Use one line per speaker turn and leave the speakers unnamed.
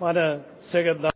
meine sehr geehrten damen und herren!